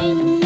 Thank you.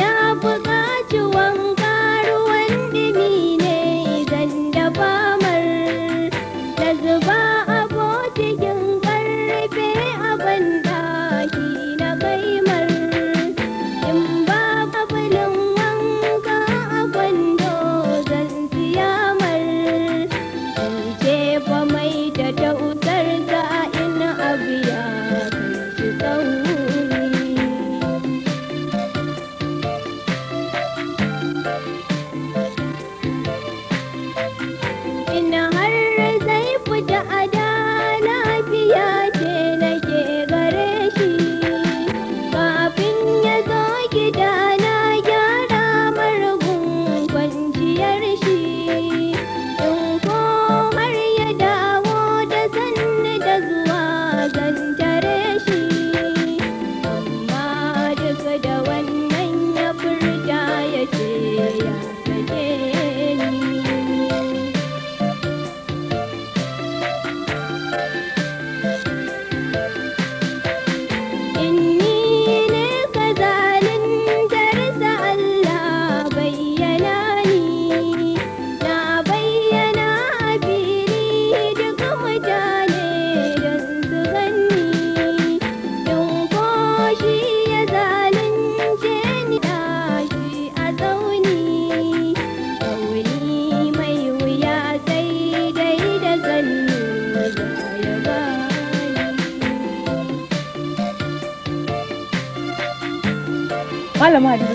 मालूम है